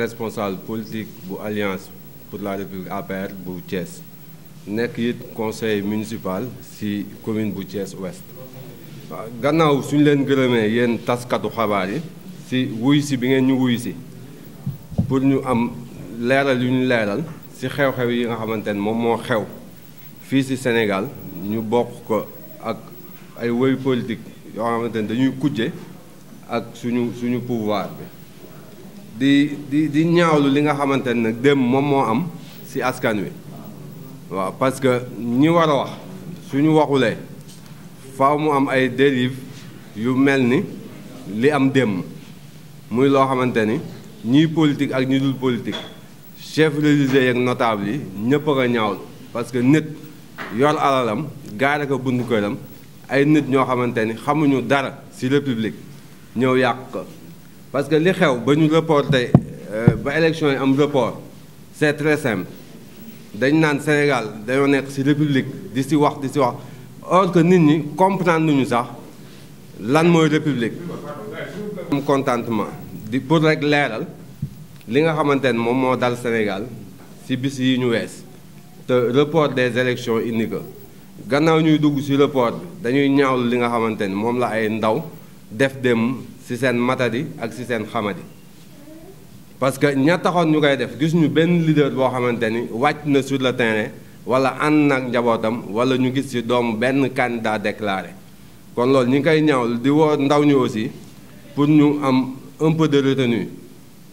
responsable politique bu alliance pour la république APR bu Thiès nekk it conseil municipal ci commune bu Thiès ouest waaw gannaaw suñu leen gërëmee yéen taskatu xabaar yi ci wuy si bi ngeen ñu wuy si pour ñu am leeral yu ñu leeral ci xew-xew yi nga xamante ne moom moo xew fii si senegal ñu bokk ko ak ay woyu politique yoo xamante ne dañuy kujje ak suñu suñu pouvoir bi di di di ñaawlu li nga xamante ne nag démb moom moo am ci askan wi waaw parce que ñi war a wax suñu waxulee faw mu am ay dérive yu mel ni li am démb muy loo xamante ni ñiy politique ak ñi dul politique chef religieux yeeg notable yi ñëpp a nga ñaawlu parce que yor alalam gaare ko bundu këram ay nit ñoo xamante ni xamuñu dara ci république ñëw yàq ko parce que li xew ba ñu reporté euh, ba élection yi am report c'est très simple dañ naan Sénégal dañoo nekk ci république di ci wax di ci wax or que nit ñi comprendre nuñu sax lan mooy république am contentement di pour rek leeral li nga xamante ne moom moo dal Sénégal ci bis yi ñu wees te report des élections indi ko gannaaw ñuy dugg ci report bi dañuy ñaawlu li nga xamante ni moom la ay ndaw def dem ci seen matadi ak ci seen xamadi parce que ña taxoon ñu koy def gis ñu benn leader boo xamante ni wàcc na sur le terrain wala ànd njabootam wala ñu gis ci doomu benn candidat déclaré kon loolu ñi ngi koy ñaawlu di woo ndaw ñi aussi pour ñu am un peu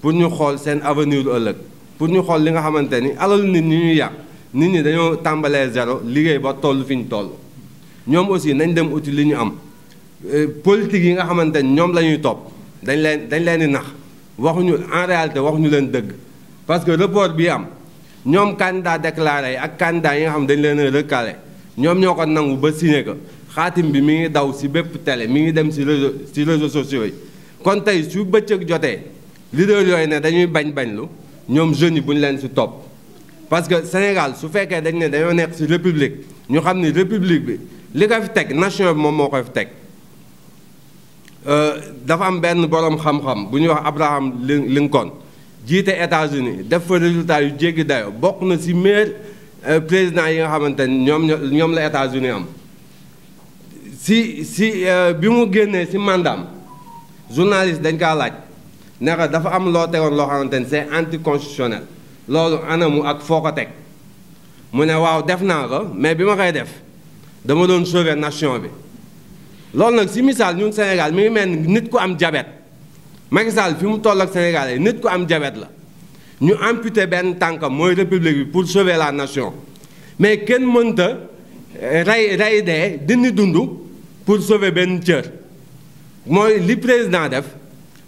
pour ñu xool seen avenir ëllëg pour ñu xool li nga xamante ni alal nit ñi ñuy yàq nit ñi dañoo tàmbalee zéro liggéey ba toll fi ñu toll ñoom aussi nañ dem uti li ñu am euh, politique yi nga xamante ne ñoom la ñuy topp dañ leen dañ leen di nax waxuñu en waxuñu leen dëgg parce que report bi am ñoom candidat déclaré yi ak candidat yi nga xam dañ leen a ñoom ñoo ko nangu ba signé ko xaatim bi mi ngi daw si bépp télé mi ngi dem si réseau si sociaux yi kon tey su bëccëg jotee leader yooyu ne dañuy bañ bañlu ñoom jeunes yi bu ñu leen si topp parce que Sénégal su fekkee dañ ne dañoo nekk ci république ñu xam ni république bi li ko fi teg nation bi moom moo ko fi teg euh, dafa am benn boroom xam-xam bu ñuy wax Abraham Lincoln jiite États-Unis def fa résultat yu jéggi dayo bokk na ci meilleur euh, président yi nga xamante ni ñoom ñoom la États-Unis am si si euh, bi mu génnee ci mandaam journaliste dañ kaa laaj ne dafa am loo tegoon loo xamante ni c'est anticonstitutionnel loolu anamu ak foo ko teg mu ne waaw def naa ko mais bi ma koy def dama doon sauver nation bi loolu nag si misaal ñun Sénégal mi ngi mel ni nit ku am jabet Macky Sall fi mu toll ak Sénégal yi nit ku am jabet la ñu amputé benn tànkam mooy république bi pour sauver la nation mais kenn mënta eh, rey rey dee dindi dundu pour sove benn cër mooy li président def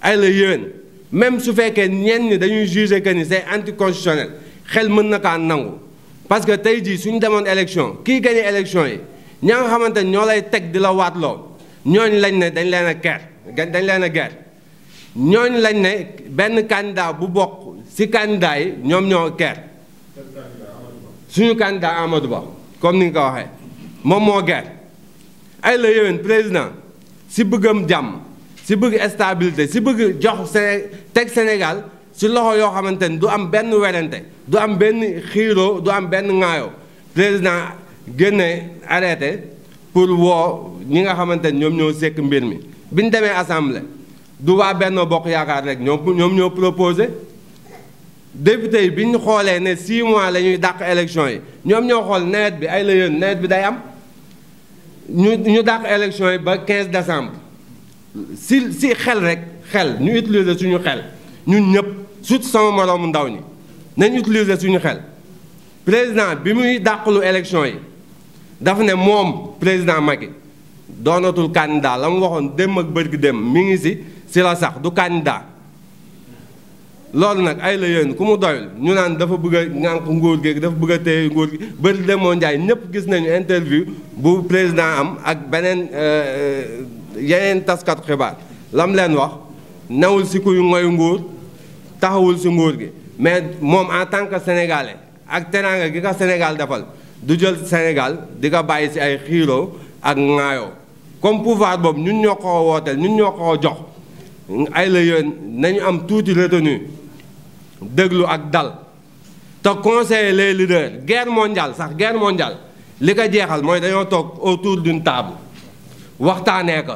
ay la yéen même su fekkee ñenn ñi dañuy juger que ni c'est xel mën na kaa nangu parce que tey jii suñu demoon élection kii gagné élection yi ña nga xamante ñoo lay teg di la waatloo ñooñu lañ ne dañ leen a ger dañ leen a ger ñooñu lañ ne benn candidat bu bokk ci candidat yi ñoom ñoo ger suñu candidat Amadou Ba comme ni nga ko waxee moom moo ger ay la yéwén président ci bëggam jàmm si bëgg stabilité si bëgg jox Séné teg Sénégal si loxo yoo xamante ni du am benn werante du am benn xiiro du am benn ŋaayoo président génne arrêté pour woo ñi nga xamante ni ñoom ñoo sekk mbir mi. bi ñu demee assemblée du waa Benno Bokk Yaakaar rek ñoom ñoom ñoo proposé député yi bi ñu xoolee ne 6 mois la ñuy dàq élection yi ñoom ñoo xool nawet bi ay la yéen nawet bi day am ñu ñu dàq élection yi ba 15 décembre. si si xel rek xel ñu utiliser suñu xel ñun ñëpp surtout sama moroomu ndaw ñi nañ utiliser suñu xel président bi muy dàqalu élection yi dafa ne moom président Macky doonatul candidat la mu waxoon dem ak bërgi dem mi ngi si si la sax du candidat loolu nag ay la yéen ku mu doyul ñu naan dafa bëgg a ngànk nguur gi dafa bëgg a téye nguur gi bërgi demoo Ndiaye ñëpp gis nañu interview bu président am ak beneen euh, yeneen taskat xibaar lam leen wax newul si kuy ngoy nguur taxawul si nguur gi mais moom en tant que sénégalais ak teraanga gi ko Sénégal defal du jël Sénégal di ko bàyyi si ay xiiroo ak ŋaayoo comme pouvoir boobu ñu ñoo ko wooteel ñu ñoo ko jox ay la yéen nañu am tuuti retenu déglu ak dal te conseiller les leaders guerre mondiale sax guerre mondiale li ko jeexal mooy dañoo toog autour d'une table waxtaanee ko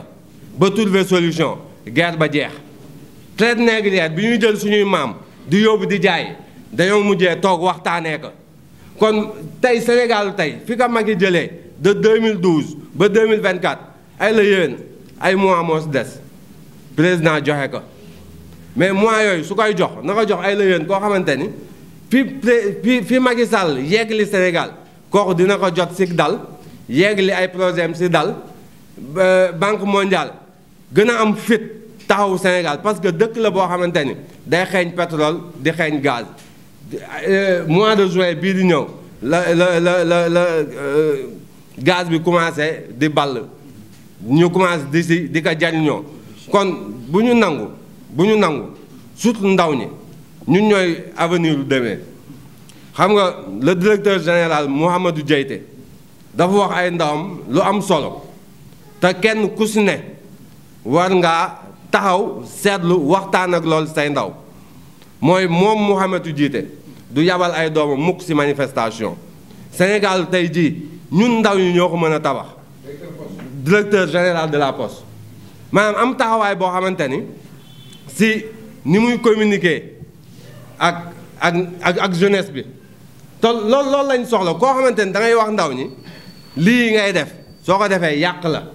ba trouver solution guerre ba jeex traite négrière bi ñuy jël suñuy maam di yóbbu di jaay dañoo mujjee toog waxtaanee ko kon tey Sénégal tey fi ko mag yi jëlee de 2012 ba 2024 ay la yéen ay mois moo des président joxe ko mais mois yooyu su koy jox na ko jox ay la yéen koo xamante ni fi fi fi Macky Sall yeggali Sénégal kooku dina ko jot si dal li ay projet si dal banque mondiale gën a am fit taxawu Sénégal parce que dëkk la boo xamante ni day xeeñ pétrole di xeeñ gaz euh, mois de juin bii di ñëw la la la la la euh, gaz bi commencé di ball ñu commencé di si di ko jariñoo kon bu ñu nangu bu ñu nangu surtout ndaw ñi ñun ñooy avenir lu demee xam nga le directeur général Mouhamadou Diaité dafa wax ay ndawam lu am solo te kenn ku si ne war ngaa taxaw seetlu waxtaan ak loolu say ndaw mooy moom Mouhamadou jiite du yabal ay doomam mukk ci manifestation Sénégal tey jii ñun ndaw ñi ñoo ko mën a tabax directeur général de la poste maanaam am taxawaay boo xamante ni si ni muy communiquer ak ak ak ak jeunesse bi tol loolu loolu lañ soxla koo xamante ni da ngay wax ndaw ñi lii ngay def soo ko defee yàq la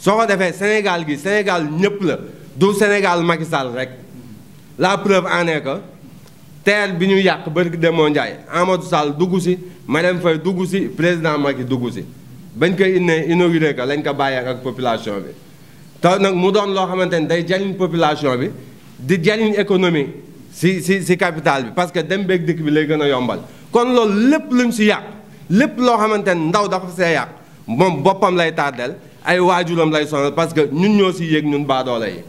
soo ko defee Sénégal gi Sénégal ñëpp la du Sénégal Macky Sall rek la preuve en est que terre bi ñu yàq barki demoo Ndiaye Amadou Sall dugg si Marème Faye dugg si président Macky dugg si bañ koy innee inauguré ko lañ ko bàyyee ak population bi. te nag mu doon loo xamante ni day jariñ population bi di jariñ économie si si si capital bi parce que dem beeg dikk bi lay gën a yombal kon loolu lépp luñ si yàq lépp loo xamante ni ndaw dafa see yàq moom boppam lay tardel ay waajuram lay sonal parce que ñun ñoo si yéeg ñun baadoola yi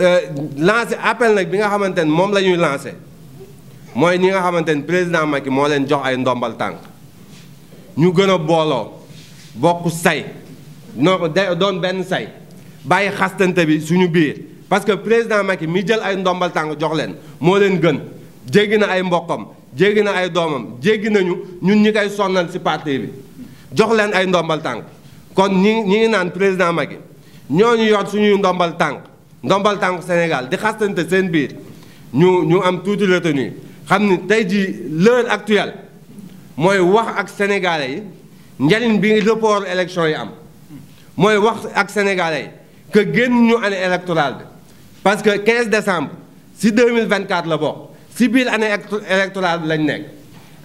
euh, lancé appel nag bi nga xamante ne moom la ñuy lancé mooy ñi nga xamante ne président yi moo leen jox ay ndombal tànk ñu gën a booloo bokk say noo doon benn say bàyyi xastante bi suñu biir parce que président yi mi jël ay ndombal tànk jox leen moo leen gën jéggi na ay mbokkam jéggi na ay doomam jéggi nañu ñun ñi koy sonnal si parti bi jox leen ay ndombal tànk kon ñi ñi ngi naan président ñoo ñu yor suñuy ndombal tànk ndombal tànk Sénégal di xastante seen biir ñu ñu am tuuti retenue xam ni tey jii l'heure actuelle mooy wax ak sénégalais yi njariñ bi report élection yi am mooy wax ak sénégalais yi que génn ñu année électorale bi parce que 15 décembre si 2024 la bokk si biir année électorale bi lañ nekk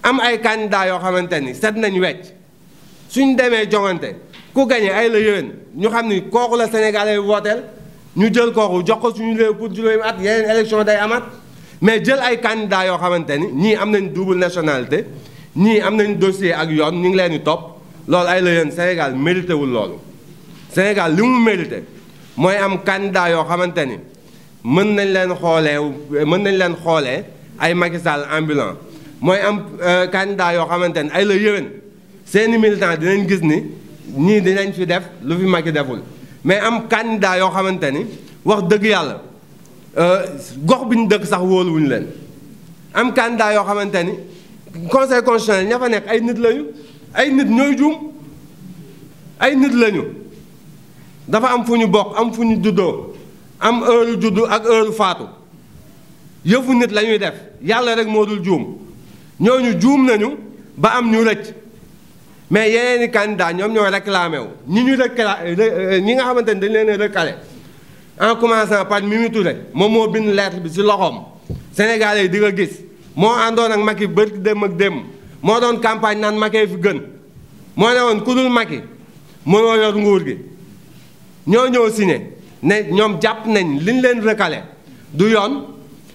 am ay candidats yoo xamante ni set nañu wecc suñ demee joŋante. ku gagné ay la yéwén ñu xam ni kooku la sénégalais wooteel ñu jël kooku jox ko suñu réew pour juróomi at yeneen élection day amaat mais jël ay candidats yoo xamante ni ñii am nañ double nationalité ñii am nañ dossier ak yoon ñu ngi leen di topp loolu ay la yéen Sénégal mérité wul loolu Sénégal li mu mérité mooy am candidat yoo xamante ni mën nañ leen xoolee mën nañ leen xoolee ay Macky Sall ambulant mooy am euh, candidat yoo xamante ni ay la yéwén seeni militant dinañ gis ni ñii dinañ fi def lu fi Macky deful mais am candidat yoo xamante ni wax dëgg yàlla euh, gox bi ñu dëkk sax wóoluwuñu leen am candidat yoo xamante ni conseil constitutionnel ña fa nekk ay nit lañu ay nit ñooy juum ay nit lañu dafa am fu ñu bokk am fu ñu juddoo am heure juddu ak heure faatu yëfu nit la ñuy def yàlla rek moo dul juum ñooñu juum nañu ba am ñu rëcc mais yeneen i candidat ñoom ñoo réclamé wu ñi ñu recla ñi nga xamante ni dañu leen recalé en commençant par Mimi Touré moom moo bind lettre bi ci loxoom Sénégalais yi di nga gis moo àndoon ak Macky bërki dem ak dem moo doon campagne naan Macky fi gën moo ne woon ku yi Macky mënoo yor nguur gi ñoo ñëw signé ne ñoom jàpp nañ liñ leen recalé du yoon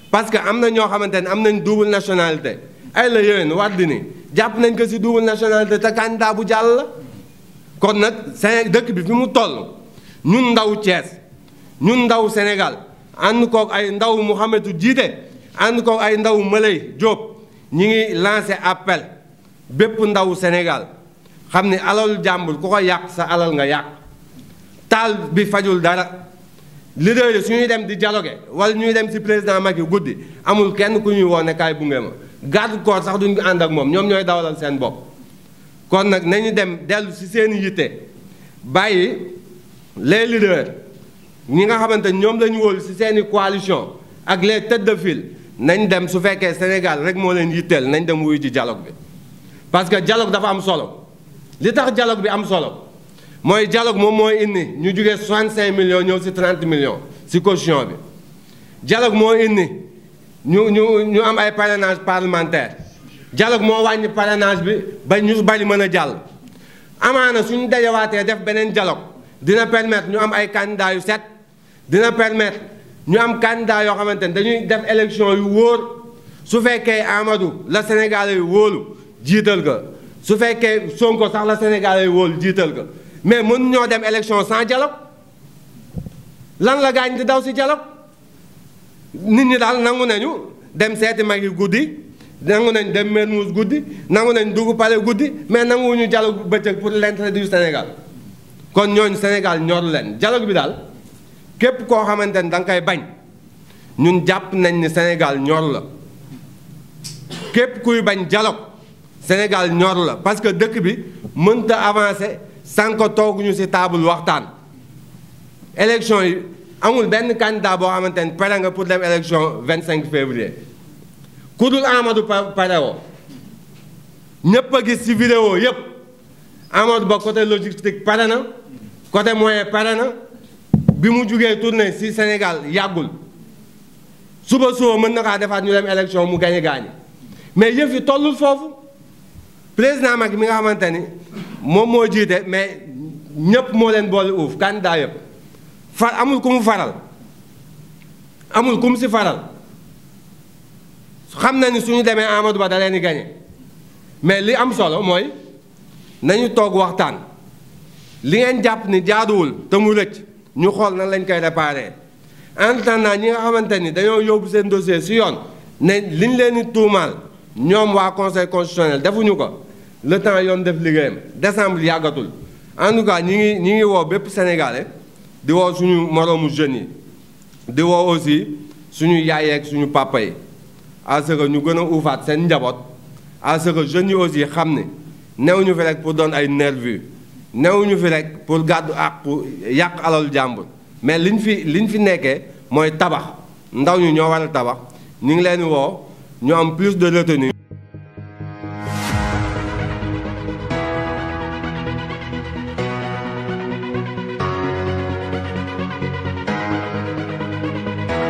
parce que am na ñoo xamante ne am nañ double nationalité ay la yowén war di ni jàpp nañ ko si double nationalité te candidat bu jàll la kon nag Séné dëkk bi fi mu toll ñun ndaw Thiès ñun ndaw Sénégal ànd kook ay ndaw Mouhamadou jiite ànd kook ay ndaw Malay Diop ñi ngi lancé appel bépp ndaw Sénégal xam ni alalu jàmbur ku ko yàq sa alal nga yàq taal bi fajul dara leader yi su ñuy dem di dialogue wala ñuy dem ci président mag Macky guddi amul kenn ku ñuy woone kaay bunge ma garde corps sax duñ ànd ak moom ñoom ñooy dawalal seen bopp kon nag nañu dem dellu ci seen yitte bàyyi les leaders ñi nga xamante ñoom la ñu wóolu ci seen i coalition ak les têtes de file nañ dem su fekkee Sénégal rek moo leen yitteel nañ dem wuyu ji dialogue bi parce que dialogue dafa am solo li tax jaloog bi am solo mooy dialogue moom mooy indi ñu jugee 65 millions ñëw si 30 millions ci caution bi dialogue moo indi. ñu ñu ñu am ay parrainage parlementaire dialogue moo wàññi parrainage bi ba ñu bari mën a jàll. amaana suñu dajawaatee def beneen dialogue dina permettre ñu am ay candidats yu set dina permettre ñu am candidats yoo xamante ne dañuy def élection yu wóor su fekkee Amadou la Sénégalais yu wóolu jiital ko su fekkee Sonko sax la Sénégalais wóolu jiital ko mais mën ñoo dem élection sans dialogue lan la gaañ di daw si dialogue nit ñi daal nangu nañu dem seeti mag yi guddi nangu nañ dem Mermoz guddi nangu nañ dugg pale guddi mais nanguwuñu dialogue bëccëg pour l'intérêt du Sénégal kon ñooñu Sénégal ñor leen dialogue bi daal képp koo xamante ni da nga koy bañ ñun jàpp nañ ni Sénégal ñor la képp kuy bañ dialogue Sénégal ñor la parce que dëkk bi mënta avancer sànq tooguñu ci table waxtaan élection yi. amul benn candidat boo xamante ni pare nga pour dem élection 25 février ku dul Amadou Pa parewoo ñëpp a gis ci vidéo yëpp Amadou Ba côté logistique pare na côté moyen pare na bi mu jugee tournée ci Sénégal yàggul suba suba mën na kaa defaat ñu dem élection mu gañe gaañi mais yëf tollul foofu président mag mi nga xamante ni moom moo jiite mais ñëpp moo leen boole uuf candidat yëpp. far amul ku mu faral amul ku mu si faral xam na ni ñu demee Amadou Ba da leen gañe mais li am solo mooy nañu toog waxtaan li ngeen jàpp ni jaaduwul te mu rëcc ñu xool na lañ koy réparé en naa ñi nga xamante ni dañoo yóbbu seen dossier si yoon ne li ñu leen di tuumaal ñoom waa conseil constitutionnel defuñu ko le temps yoon def liggéeyam décembre yàggatul en tout cas ñi ngi ñi ngi woo bépp sénégalais di woo suñu moroomu jeunes yi di woo aussi suñu yaay ak suñu papa yi à que ñu gën a uufaat seen njaboot à ce jeunes yi aussi xam ne new ñu fi rek pour doon ay nervi new ñu fi rek pour gàddu àqu yàq alal jàmbur mais liñ fi liñ fi nekkee mooy tabax ndaw ñi ñoo war a tabax ñu ngi leen woo ñu am plus de retenue